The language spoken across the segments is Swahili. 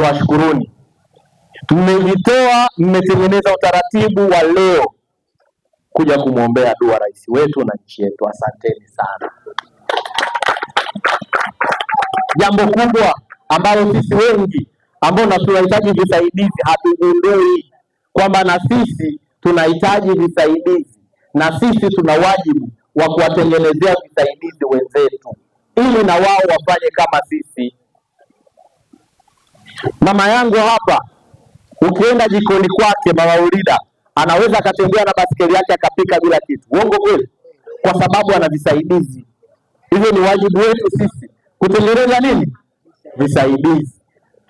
niwashukuruni, washukuruni. Mmejitoa, mmetengeneza utaratibu wa leo kuja kumwombea dua rais wetu na nchi yetu. Asanteni sana. Jambo kubwa ambalo sisi wengi ambao na tunahitaji visaidizi hatugundui kwamba na sisi tunahitaji visaidizi, na sisi tuna wajibu wa kuwatengenezea visaidizi wenzetu ili na wao wafanye kama sisi Mama yangu hapa, ukienda jikoni kwake, mama Ulida anaweza akatembea na basikeli yake akapika bila kitu. Uongo kweli? Kwa sababu ana visaidizi. Hivyo ni wajibu wetu sisi kutengeneza nini, visaidizi,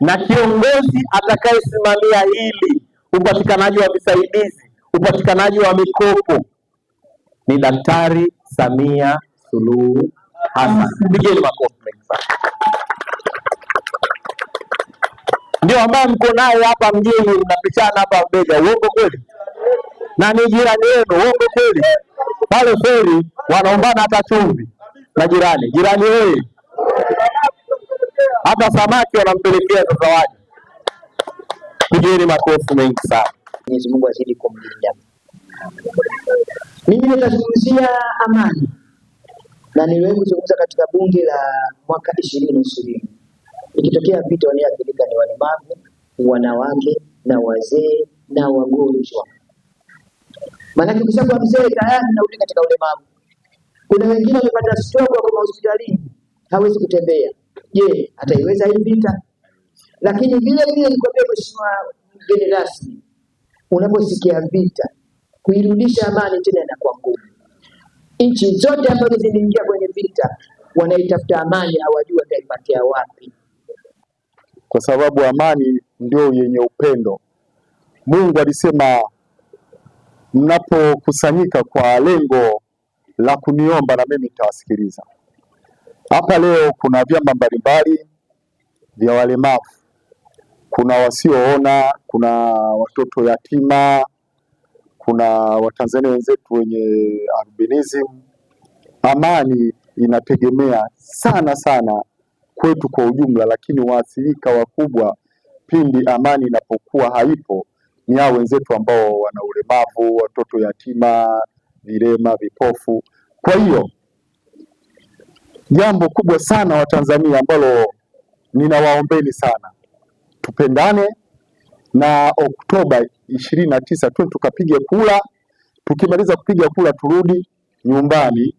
na kiongozi atakayesimamia hili, upatikanaji wa visaidizi, upatikanaji wa mikopo ni Daktari Samia Suluhu Hassan. Pigeni makofi. ambaye mko naye hapa mjini, mnapishana hapa Mbeya, uongo kweli? Na ni jirani yenu, uongo kweli? Pale feri wanaombana hata chumvi na jirani jirani, wewe hata samaki wanampelekea zawadi. Pigeni makofi mengi sana. Mwenyezi Mungu azidi kumlinda. Mimi nitazungumzia amani, na niliwahi kuzungumza katika bunge la mwaka ishirini ishirini Ikitokea vita wanaoathirika ni walemavu, wanawake na wazee na wagonjwa. Maanake kwa mzee tayari naudi katika ulemavu. Kuna wengine wamepata stroke wako mahospitalini, hawezi kutembea. Je, ataiweza hii vita? Lakini vile vile nikwambia mheshimiwa mgeni rasmi, unaposikia vita, kuirudisha amani tena inakuwa ngumu. Nchi zote ambazo ziliingia kwenye vita wanaitafuta amani, hawajua wataipatia wapi kwa sababu amani ndio yenye upendo. Mungu alisema mnapokusanyika kwa lengo la kuniomba na mimi nitawasikiliza. Hapa leo kuna vyama mbalimbali vya walemavu, kuna wasioona, kuna watoto yatima, kuna Watanzania wenzetu wenye albinism. Amani inategemea sana sana kwetu kwa ujumla, lakini waathirika wakubwa pindi amani inapokuwa haipo ni hao wenzetu ambao wana ulemavu, watoto yatima, vilema, vipofu. Kwa hiyo jambo kubwa sana Watanzania ambalo ninawaombeni sana, tupendane na Oktoba ishirini na tisa twende tukapiga kura. Tukimaliza kupiga kura, turudi nyumbani